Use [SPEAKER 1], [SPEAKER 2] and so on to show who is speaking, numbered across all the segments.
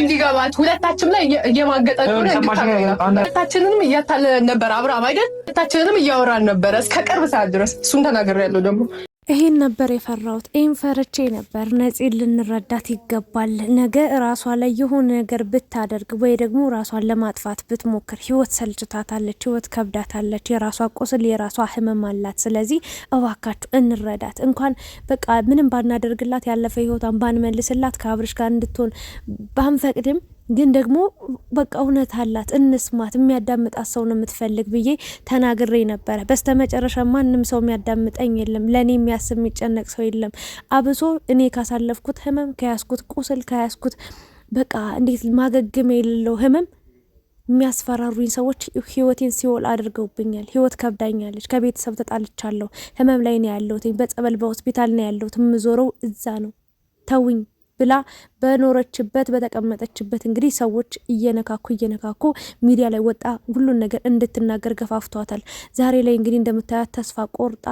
[SPEAKER 1] እንዲገባት ሁለታችን ላይ እየማገጠ ሁለታችንንም እያታለለን ነበር አብርሃም አይደል? ሁለታችንንም እያወራን ነበረ እስከ ቅርብ ሰዓት ድረስ እሱን ተናገር ያለው ደግሞ
[SPEAKER 2] ይሄን ነበር የፈራሁት። ይህን ፈርቼ ነበር። ነፂን ልንረዳት ይገባል። ነገ ራሷ ላይ የሆነ ነገር ብታደርግ ወይ ደግሞ ራሷን ለማጥፋት ብትሞክር ህይወት ሰልችታታለች፣ ህይወት ከብዳታለች። የራሷ ቁስል፣ የራሷ ህመም አላት። ስለዚህ እባካችሁ እንረዳት። እንኳን በቃ ምንም ባናደርግላት፣ ያለፈ ህይወቷን ባንመልስላት፣ ከአብርሽ ጋር እንድትሆን ባንፈቅድም ግን ደግሞ በቃ እውነት አላት እንስማት፣ የሚያዳምጣት ሰው ነው የምትፈልግ ብዬ ተናግሬ ነበረ። በስተመጨረሻ ማንም ሰው የሚያዳምጠኝ የለም፣ ለእኔ የሚያስብ የሚጨነቅ ሰው የለም። አብሶ እኔ ካሳለፍኩት ህመም፣ ከያዝኩት ቁስል፣ ከያዝኩት በቃ እንዴት ማገግም የሌለው ህመም የሚያስፈራሩኝ ሰዎች ህይወቴን ሲወል አድርገውብኛል። ህይወት ከብዳኛለች። ከቤተሰብ ተጣልቻለሁ። ህመም ላይ ነው ያለሁት። በጸበል በሆስፒታል ነው ያለሁት። የምዞረው እዛ ነው። ተውኝ። ብላ በኖረችበት በተቀመጠችበት እንግዲህ ሰዎች እየነካኩ እየነካኩ ሚዲያ ላይ ወጣ ሁሉን ነገር እንድትናገር ገፋፍተዋታል። ዛሬ ላይ እንግዲህ እንደምታያት ተስፋ ቆርጣ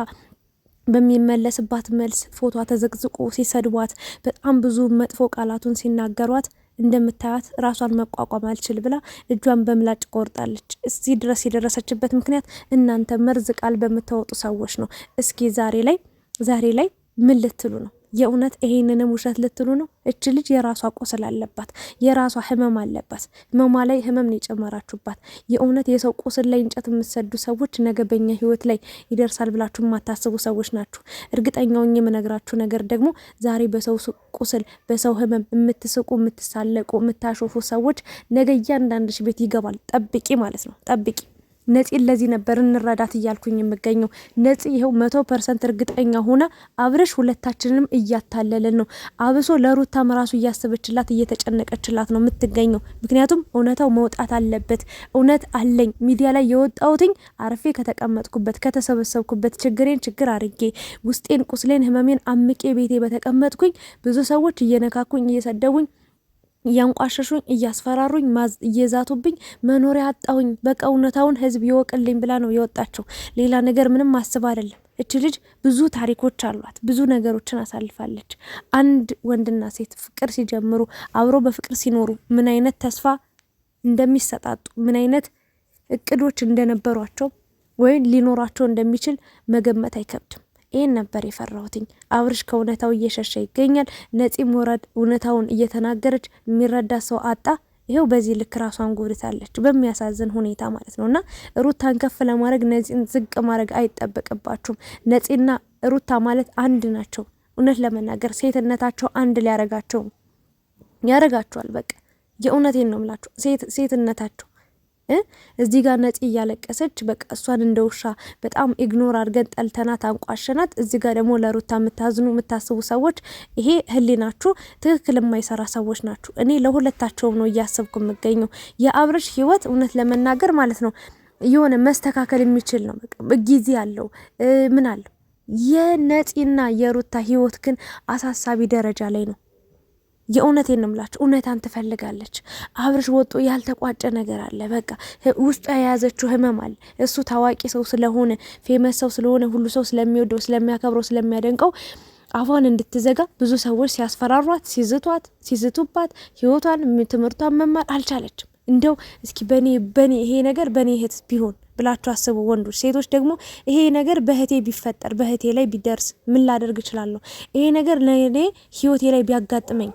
[SPEAKER 2] በሚመለስባት መልስ ፎቷ ተዘቅዝቆ ሲሰድቧት በጣም ብዙ መጥፎ ቃላቱን ሲናገሯት እንደምታያት ራሷን መቋቋም አልችል ብላ እጇን በምላጭ ቆርጣለች። እዚህ ድረስ የደረሰችበት ምክንያት እናንተ መርዝ ቃል በምታወጡ ሰዎች ነው። እስኪ ዛሬ ላይ ዛሬ ላይ ምን ልትሉ ነው? የእውነት ይሄንንም ውሸት ልትሉ ነው? እች ልጅ የራሷ ቁስል አለባት፣ የራሷ ህመም አለባት። ህመሟ ላይ ህመም ነው የጨመራችሁባት። የእውነት የሰው ቁስል ላይ እንጨት የምትሰዱ ሰዎች ነገ በኛ ህይወት ላይ ይደርሳል ብላችሁ የማታስቡ ሰዎች ናችሁ። እርግጠኛውን የምነግራችሁ ነገር ደግሞ ዛሬ በሰው ቁስል፣ በሰው ህመም የምትስቁ፣ የምትሳለቁ፣ የምታሾፉ ሰዎች ነገ እያንዳንድሽ ቤት ይገባል። ጠብቂ ማለት ነው፣ ጠብቂ። ነፂን ለዚህ ነበር እንረዳት እያልኩኝ የምገኘው። ነፂ ይኸው መቶ ፐርሰንት እርግጠኛ ሆነ አብረሽ ሁለታችንንም እያታለለን ነው። አብሶ ለሩታም ራሱ እያሰበችላት እየተጨነቀችላት ነው የምትገኘው። ምክንያቱም እውነታው መውጣት አለበት። እውነት አለኝ ሚዲያ ላይ የወጣውትኝ አርፌ ከተቀመጥኩበት ከተሰበሰብኩበት፣ ችግሬን ችግር አርጌ ውስጤን፣ ቁስሌን፣ ህመሜን አምቄ ቤቴ በተቀመጥኩኝ ብዙ ሰዎች እየነካኩኝ እየሰደቡኝ እያንቋሸሹኝ እያስፈራሩኝ እየዛቱብኝ መኖሪያ አጣሁኝ፣ በቃ እውነታውን ህዝብ ይወቅልኝ ብላ ነው የወጣቸው። ሌላ ነገር ምንም አስብ አይደለም። እች ልጅ ብዙ ታሪኮች አሏት፣ ብዙ ነገሮችን አሳልፋለች። አንድ ወንድና ሴት ፍቅር ሲጀምሩ አብሮ በፍቅር ሲኖሩ ምን አይነት ተስፋ እንደሚሰጣጡ ምን አይነት እቅዶች እንደነበሯቸው ወይም ሊኖራቸው እንደሚችል መገመት አይከብድም። ይህን ነበር የፈራሁትኝ። አብርሽ ከእውነታው እየሸሸ ይገኛል። ነፂ ወረድ እውነታውን እየተናገረች የሚረዳ ሰው አጣ። ይሄው በዚህ ልክ ራሷን ጎድታለች፣ በሚያሳዝን ሁኔታ ማለት ነው። እና ሩታን ከፍ ለማድረግ ነፂን ዝቅ ማድረግ አይጠበቅባችሁም። ነፂና ሩታ ማለት አንድ ናቸው። እውነት ለመናገር ሴትነታቸው አንድ ሊያረጋቸው ያረጋቸዋል። በቃ የእውነቴን ነው ምላቸው ሴትነታቸው እዚህ ጋር ነፂ እያለቀሰች በቃ እሷን እንደ ውሻ በጣም ኢግኖር አድርገን ጠልተናት አንቋሸናት። እዚህ ጋር ደግሞ ለሩታ የምታዝኑ የምታስቡ ሰዎች ይሄ ህሊናችሁ ትክክል የማይሰራ ሰዎች ናችሁ። እኔ ለሁለታቸውም ነው እያሰብኩ የምገኘው። የአብረሽ ህይወት እውነት ለመናገር ማለት ነው የሆነ መስተካከል የሚችል ነው። ጊዜ አለው ምን አለው። የነፂና የሩታ ህይወት ግን አሳሳቢ ደረጃ ላይ ነው። የእውነቴን እምላችሁ እውነታን ትፈልጋለች። አብርሽ ወጦ ያልተቋጨ ነገር አለ። በቃ ውስጡ የያዘችው ህመም አለ። እሱ ታዋቂ ሰው ስለሆነ ፌመስ ሰው ስለሆነ ሁሉ ሰው ስለሚወደው፣ ስለሚያከብረው፣ ስለሚያደንቀው አፏን እንድትዘጋ ብዙ ሰዎች ሲያስፈራሯት፣ ሲዝቷት፣ ሲዝቱባት ህይወቷን፣ ትምህርቷን መማር አልቻለችም። እንደው እስኪ በእኔ በእኔ ይሄ ነገር በኔ እህት ቢሆን ብላችሁ አስቡ ወንዶች። ሴቶች ደግሞ ይሄ ነገር በእህቴ ቢፈጠር በእህቴ ላይ ቢደርስ ምን ላደርግ እችላለሁ? ይሄ ነገር ለእኔ ህይወቴ ላይ ቢያጋጥመኝ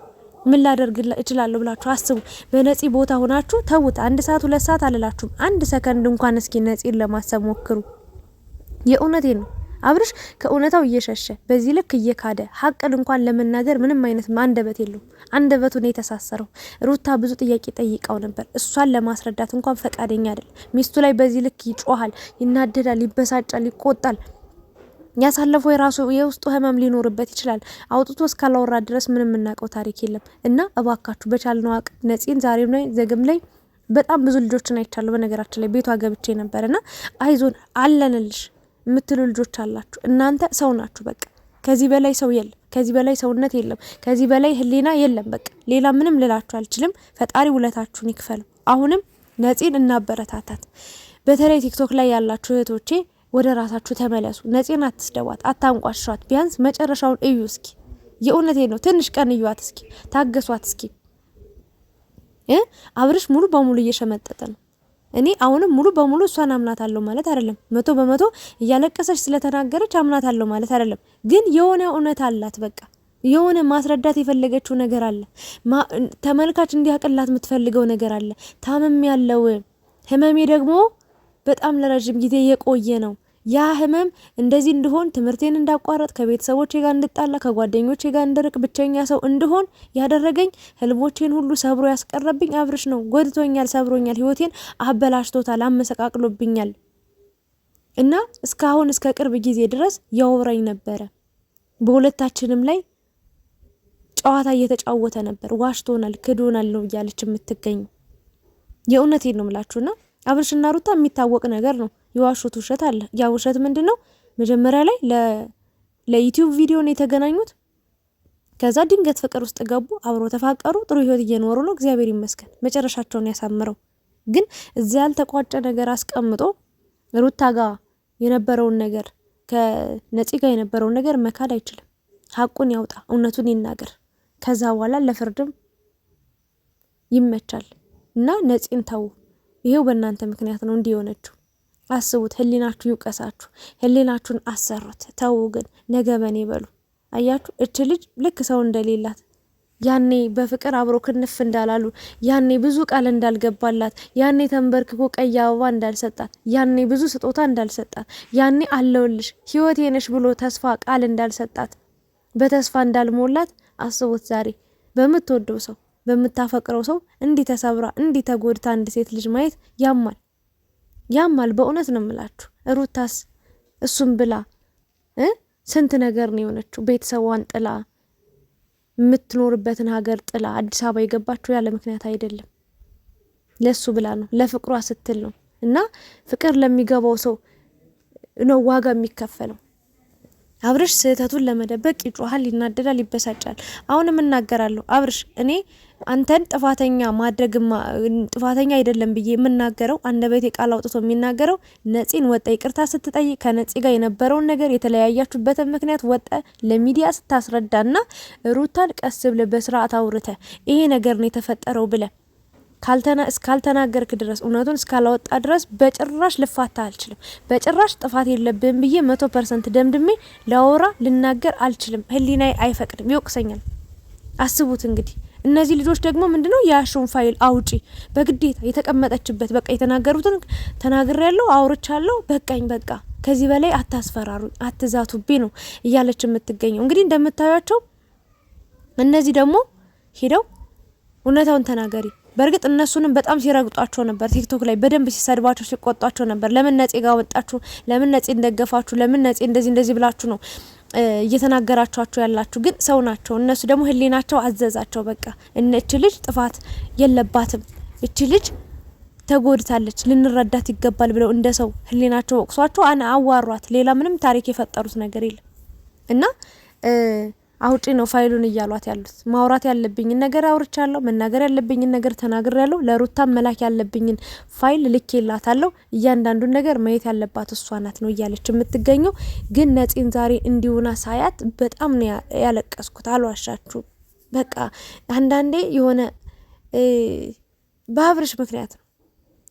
[SPEAKER 2] ምን ላደርግ እችላለሁ ብላችሁ አስቡ። በነጺ ቦታ ሆናችሁ ተዉት። አንድ ሰዓት ሁለት ሰዓት አልላችሁም። አንድ ሰከንድ እንኳን እስኪ ነጺን ለማሰብ ሞክሩ። የእውነቴ ነው። አብርሽ ከእውነታው እየሸሸ በዚህ ልክ እየካደ ሀቅን እንኳን ለመናገር ምንም አይነት አንደበት የለውም። አንደበቱ ነው የተሳሰረው። ሩታ ብዙ ጥያቄ ጠይቀው ነበር። እሷን ለማስረዳት እንኳን ፈቃደኛ አይደለም። ሚስቱ ላይ በዚህ ልክ ይጮሃል፣ ይናደዳል፣ ይበሳጫል፣ ይቆጣል። ያሳለፈው የራሱ የውስጡ ህመም ሊኖርበት ይችላል። አውጥቶ እስካላወራ ድረስ ምንም የምናውቀው ታሪክ የለም እና እባካችሁ በቻልነው አቅ ነጺን ዛሬም ላይ ዘግም ላይ በጣም ብዙ ልጆችን አይቻለሁ። በነገራችን ላይ ቤቷ ገብቼ ነበር እና አይዞን አለንልሽ የምትሉ ልጆች አላችሁ። እናንተ ሰው ናችሁ። በቃ ከዚህ በላይ ሰው የለም። ከዚህ በላይ ሰውነት የለም። ከዚህ በላይ ህሊና የለም። በቃ ሌላ ምንም ልላችሁ አልችልም። ፈጣሪ ውለታችሁን ይክፈል አሁንም ነጺን እናበረታታት። በተለይ ቲክቶክ ላይ ያላችሁ እህቶቼ ወደ ራሳችሁ ተመለሱ። ነፂን አትስደቧት፣ አታንቋሸዋት። ቢያንስ መጨረሻውን እዩ እስኪ። የእውነቴ ነው። ትንሽ ቀን እዩዋት እስኪ፣ ታገሷት እስኪ። አብርሽ ሙሉ በሙሉ እየሸመጠጠ ነው። እኔ አሁንም ሙሉ በሙሉ እሷን አምናት አለው ማለት አይደለም። መቶ በመቶ እያለቀሰች ስለተናገረች አምናት አለው ማለት አይደለም። ግን የሆነ እውነት አላት። በቃ የሆነ ማስረዳት የፈለገችው ነገር አለ። ተመልካች እንዲያቅላት የምትፈልገው ነገር አለ። ታመም ያለው ህመሜ ደግሞ በጣም ለረዥም ጊዜ የቆየ ነው። ያ ህመም እንደዚህ እንድሆን ትምህርቴን እንዳቋረጥ ከቤተሰቦቼ ጋር እንድጣላ ከጓደኞቼ ጋር እንድርቅ ብቸኛ ሰው እንድሆን ያደረገኝ ህልቦቼን ሁሉ ሰብሮ ያስቀረብኝ አብርሽ ነው። ጎድቶኛል፣ ሰብሮኛል፣ ህይወቴን አበላሽቶታል፣ አመሰቃቅሎብኛል እና እስካሁን እስከ ቅርብ ጊዜ ድረስ ያወራኝ ነበረ። በሁለታችንም ላይ ጨዋታ እየተጫወተ ነበር። ዋሽቶናል፣ ክዶናል ነው እያለች የምትገኝ የእውነቴን ነው ምላችሁና አብርሽና ሩታ የሚታወቅ ነገር ነው። የዋሹት ውሸት አለ። ያ ውሸት ምንድን ነው? መጀመሪያ ላይ ለዩቲዩብ ቪዲዮ ነው የተገናኙት። ከዛ ድንገት ፍቅር ውስጥ ገቡ፣ አብሮ ተፋቀሩ፣ ጥሩ ህይወት እየኖሩ ነው። እግዚአብሔር ይመስገን መጨረሻቸውን ያሳምረው። ግን እዚያ ያልተቋጨ ነገር አስቀምጦ ሩታ ጋር የነበረውን ነገር ከነፂ ጋር የነበረውን ነገር መካድ አይችልም። ሀቁን ያውጣ፣ እውነቱን ይናገር። ከዛ በኋላ ለፍርድም ይመቻል እና ነፂን ተው። ይሄው በእናንተ ምክንያት ነው እንዲሆነችው የሆነችው። አስቡት። ህሊናችሁ ይውቀሳችሁ፣ ህሊናችሁን አሰሩት። ተው ግን ነገ መኔ በሉ። አያችሁ እች ልጅ ልክ ሰው እንደሌላት ያኔ በፍቅር አብሮ ክንፍ እንዳላሉ ያኔ ብዙ ቃል እንዳልገባላት ያኔ ተንበርክኮ ቀይ አበባ እንዳልሰጣት ያኔ ብዙ ስጦታ እንዳልሰጣት ያኔ አለውልሽ ህይወቴ ነሽ ብሎ ተስፋ ቃል እንዳልሰጣት በተስፋ እንዳልሞላት አስቡት ዛሬ በምትወደው ሰው በምታፈቅረው ሰው እንዲህ ተሰብራ እንዲህ ተጎድታ አንድ ሴት ልጅ ማየት ያማል፣ ያማል። በእውነት ነው የምላችሁ። ሩታስ እሱም ብላ ስንት ነገር ነው የሆነችው። ቤተሰቧን ጥላ የምትኖርበትን ሀገር ጥላ አዲስ አበባ የገባችው ያለ ምክንያት አይደለም። ለሱ ብላ ነው፣ ለፍቅሯ ስትል ነው። እና ፍቅር ለሚገባው ሰው ነው ዋጋ የሚከፈለው። አብርሽ ስህተቱን ለመደበቅ ይጮሃል፣ ይናደዳል፣ ይበሳጫል። አሁንም እናገራለሁ አብርሽ እኔ አንተን ጥፋተኛ ማድረግ ጥፋተኛ አይደለም ብዬ የምናገረው አንደበቴ ቃል አውጥቶ የሚናገረው ነፂን ወጣ ይቅርታ ስትጠይቅ ከነፂ ጋር የነበረውን ነገር የተለያያችሁበትን ምክንያት ወጠ ለሚዲያ ስታስረዳና ሩታን ቀስ ብለ በስርዓት አውርተ ይሄ ነገር ነው የተፈጠረው ብለ እስካልተናገርክ ድረስ እውነቱን እስካላወጣ ድረስ በጭራሽ ልፋታ አልችልም። በጭራሽ ጥፋት የለብህም ብዬ መቶ ፐርሰንት ደምድሜ ላወራ ልናገር አልችልም። ህሊናዬ አይፈቅድም፣ ይወቅሰኛል። አስቡት እንግዲህ እነዚህ ልጆች ደግሞ ምንድነው የአሹን ፋይል አውጪ በግዴታ የተቀመጠችበት በቃ የተናገሩትን ተናግሬ ያለው አውርቻለሁ፣ በቃኝ፣ በቃ ከዚህ በላይ አታስፈራሩኝ፣ አትዛቱቤ ነው እያለች የምትገኘው። እንግዲህ እንደምታዩቸው እነዚህ ደግሞ ሄደው እውነታውን ተናገሪ በእርግጥ እነሱንም በጣም ሲረግጧቸው ነበር። ቲክቶክ ላይ በደንብ ሲሰድባቸው፣ ሲቆጧቸው ነበር። ለምን ነጼ ጋር ወጣችሁ? ለምን ነጼ እንደገፋችሁ? ለምን ነጼ እንደዚህ እንደዚህ ብላችሁ ነው እየተናገራችኋቸው ያላችሁ? ግን ሰው ናቸው እነሱ ደግሞ ህሊናቸው አዘዛቸው። በቃ እነች ልጅ ጥፋት የለባትም እች ልጅ ተጎድታለች ልንረዳት ይገባል ብለው እንደ ሰው ህሊናቸው ወቅሷቸው አዋሯት። ሌላ ምንም ታሪክ የፈጠሩት ነገር የለም እና አውጪ ነው ፋይሉን እያሏት ያሉት። ማውራት ያለብኝን ነገር አውርቻለሁ። መናገር ያለብኝን ነገር ተናግር ያለው። ለሩታ መላክ ያለብኝን ፋይል ልክ ይላታለሁ። እያንዳንዱን ነገር ማየት ያለባት እሷ ናት ነው እያለች የምትገኘው። ግን ነፂን ዛሬ እንዲሁና ሳያት በጣም ነው ያለቀስኩት። አልዋሻችሁ። በቃ አንዳንዴ የሆነ በአብርሽ ምክንያት ነው።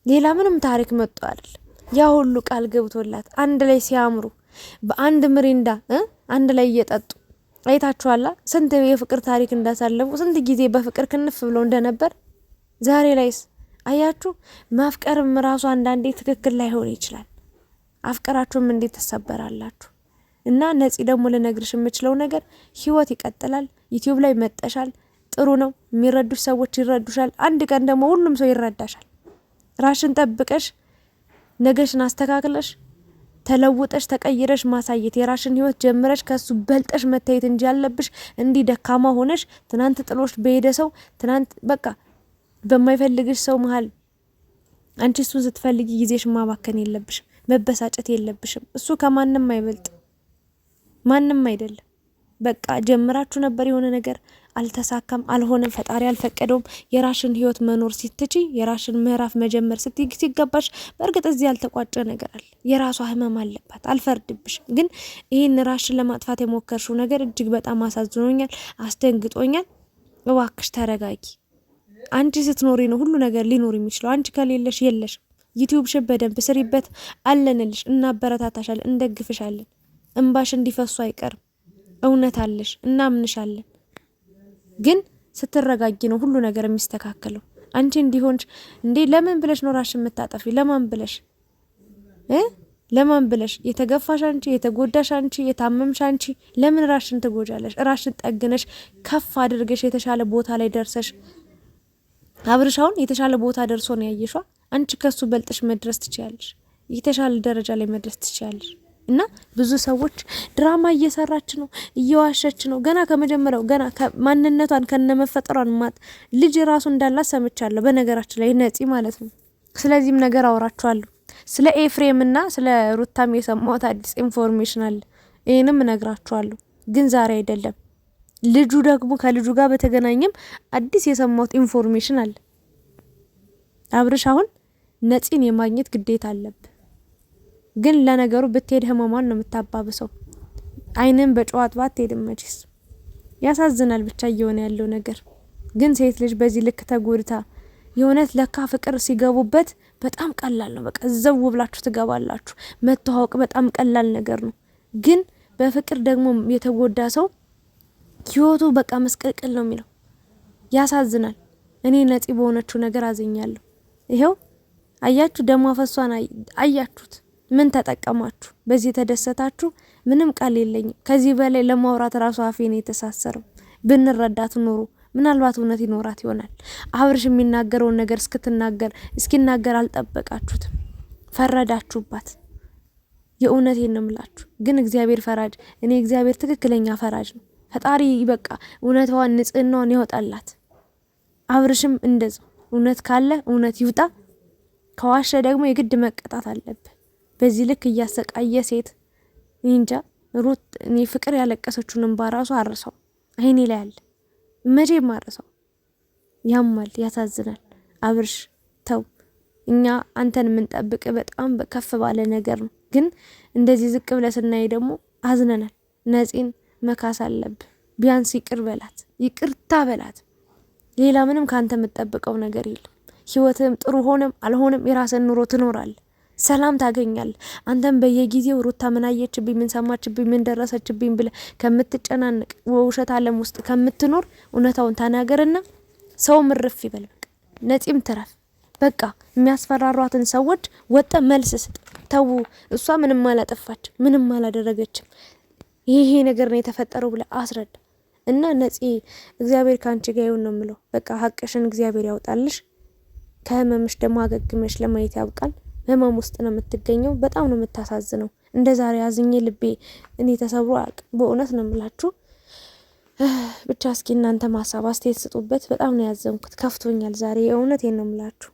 [SPEAKER 2] ሌላ ምንም ታሪክ መጡ አይደል ያ ሁሉ ቃል ገብቶላት አንድ ላይ ሲያምሩ በአንድ ምሪንዳ አንድ ላይ እየጠጡ አይታችኋላ ስንት የፍቅር ታሪክ እንዳሳለፉ ስንት ጊዜ በፍቅር ክንፍ ብሎ እንደነበር ዛሬ ላይስ አያችሁ። ማፍቀርም ራሱ አንዳንዴ ትክክል ላይሆን ይችላል። አፍቀራችሁም እንዴት ትሰበራላችሁ? እና ነፂ ደግሞ ልነግርሽ የምችለው ነገር ህይወት ይቀጥላል። ዩቲዩብ ላይ መጠሻል፣ ጥሩ ነው። የሚረዱሽ ሰዎች ይረዱሻል። አንድ ቀን ደግሞ ሁሉም ሰው ይረዳሻል። ራሽን ጠብቀሽ ነገሽን አስተካክለሽ ተለውጠሽ ተቀይረሽ ማሳየት የራሽን ህይወት ጀምረሽ ከሱ በልጠሽ መታየት እንጂ ያለብሽ እንዲህ ደካማ ሆነሽ ትናንት ጥሎሽ በሄደ ሰው ትናንት በቃ በማይፈልግሽ ሰው መሀል አንቺ እሱን ስትፈልጊ ጊዜሽ ማባከን የለብሽም። መበሳጨት የለብሽም። እሱ ከማንም አይበልጥ ማንም አይደለም። በቃ ጀምራችሁ ነበር የሆነ ነገር አልተሳካም፣ አልሆነም፣ ፈጣሪ አልፈቀደውም። የራሽን ህይወት መኖር ሲትች የራሽን ምዕራፍ መጀመር ሲገባሽ፣ በእርግጥ እዚህ ያልተቋጨ ነገር አለ። የራሷ ህመም አለባት፣ አልፈርድብሽ። ግን ይህን ራሽን ለማጥፋት የሞከርሽው ነገር እጅግ በጣም አሳዝኖኛል፣ አስደንግጦኛል። እባክሽ ተረጋጊ። አንቺ ስትኖሪ ነው ሁሉ ነገር ሊኖር የሚችለው። አንቺ ከሌለሽ የለሽም። ዩቲዩብሽን በደንብ ስሪበት፣ አለንልሽ፣ እናበረታታሻለን፣ እንደግፍሻለን። እንባሽ እንዲፈሱ አይቀርም። እውነት አለሽ፣ እናምንሻለን። ግን ስትረጋጊ ነው ሁሉ ነገር የሚስተካከለው። አንቺ እንዲሆንሽ እንዴ ለምን ብለሽ ነው ራስሽን የምታጠፊ? ለማን ብለሽ እ ለማን ብለሽ የተገፋሽ አንቺ፣ የተጎዳሽ አንቺ፣ የታመምሽ አንቺ። ለምን ራሽን ትጎጃለሽ? ራሽን ጠግነሽ ከፍ አድርገሽ የተሻለ ቦታ ላይ ደርሰሽ አብርሻውን የተሻለ ቦታ ደርሶ ነው ያየሿ። አንቺ ከሱ በልጥሽ መድረስ ትችያለሽ። የተሻለ ደረጃ ላይ መድረስ ትችያለሽ። እና ብዙ ሰዎች ድራማ እየሰራች ነው፣ እየዋሸች ነው። ገና ከመጀመሪያው ገና ማንነቷን ከነመፈጠሯን ማጥ ልጅ ራሱ እንዳላት ሰምቻለሁ። በነገራችን ላይ ነፂ ማለት ነው። ስለዚህም ነገር አውራችኋለሁ። ስለ ኤፍሬም እና ስለ ሩታም የሰማሁት አዲስ ኢንፎርሜሽን አለ። ይህንም እነግራችኋለሁ፣ ግን ዛሬ አይደለም። ልጁ ደግሞ ከልጁ ጋር በተገናኘም አዲስ የሰማሁት ኢንፎርሜሽን አለ። አብርሽ አሁን ነፂን የማግኘት ግዴታ አለብ ግን ለነገሩ ብትሄድ ህመሟን ነው የምታባብሰው። አይንን በጨዋጥባ አትሄድም መቼስ። ያሳዝናል ብቻ እየሆነ ያለው ነገር። ግን ሴት ልጅ በዚህ ልክ ተጎድታ የእውነት ለካ ፍቅር ሲገቡበት በጣም ቀላል ነው። በቃ ዘው ብላችሁ ትገባላችሁ። መተዋወቅ በጣም ቀላል ነገር ነው። ግን በፍቅር ደግሞ የተጎዳ ሰው ህይወቱ በቃ መስቀልቅል ነው የሚለው። ያሳዝናል። እኔ ነፂ በሆነችው ነገር አዝኛለሁ። ይሄው አያችሁ፣ ደሞ ፈሷን አያችሁት። ምን ተጠቀማችሁ? በዚህ ተደሰታችሁ? ምንም ቃል የለኝም። ከዚህ በላይ ለማውራት ራሱ አፌን የተሳሰርም ብንረዳት ኑሮ ምናልባት እውነት ይኖራት ይሆናል። አብርሽ የሚናገረውን ነገር እስክትናገር እስኪናገር አልጠበቃችሁትም፣ ፈረዳችሁባት። የእውነቴን ነው የምላችሁ። ግን እግዚአብሔር ፈራጅ፣ እኔ እግዚአብሔር ትክክለኛ ፈራጅ ነው። ፈጣሪ በቃ እውነቷን ንጽህናዋን ያወጣላት። አብርሽም እንደዛው እውነት ካለ እውነት ይውጣ። ከዋሸ ደግሞ የግድ መቀጣት አለብን። በዚህ ልክ እያሰቃየ ሴት እንጃ። ሩት እኔ ፍቅር ያለቀሰችውን እንባ ራሱ አርሰው አይኔ ላይ አለ መቼም አርሰው። ያማል፣ ያሳዝናል። አብርሽ ተው፣ እኛ አንተን የምንጠብቅ በጣም ከፍ ባለ ነገር ነው፣ ግን እንደዚህ ዝቅ ብለ ስናይ ደግሞ አዝነናል። ነፂን መካስ አለብ። ቢያንስ ይቅር በላት፣ ይቅርታ በላት። ሌላ ምንም ከአንተ የምጠብቀው ነገር የለም። ህይወትም ጥሩ ሆነም አልሆነም የራስን ኑሮ ትኖራለህ። ሰላም ታገኛል። አንተም በየጊዜው ሩታ ምን አየችብኝ፣ ምን ሰማችብኝ፣ ምን ደረሰችብኝ ብለ ከምትጨናንቅ ውሸት ዓለም ውስጥ ከምትኖር እውነታውን ተናገርና ሰውም እርፍ ይበል። ነፂም ትረፍ። በቃ የሚያስፈራሯትን ሰዎች ወጠ መልስ ስጥ። ተዉ፣ እሷ ምንም አላጠፋች፣ ምንም አላደረገችም፣ ይሄ ነገር ነው የተፈጠረው ብለ አስረዳ እና ነፂ፣ እግዚአብሔር ከአንቺ ጋር ይሁን ነው የምለው። በቃ ሀቅሽን እግዚአብሔር ያውጣልሽ፣ ከህመምሽ ደግሞ አገግመሽ ለማየት ያብቃል። ህመም ውስጥ ነው የምትገኘው። በጣም ነው የምታሳዝነው። እንደ ዛሬ አዝኜ ልቤ እኔ ተሰብሮ አያውቅም። በእውነት ነው የምላችሁ። ብቻ እስኪ እናንተ ማሳብ አስተያየት ስጡበት። በጣም ነው ያዘንኩት፣ ከፍቶኛል ዛሬ። የእውነት ነው የምላችሁ።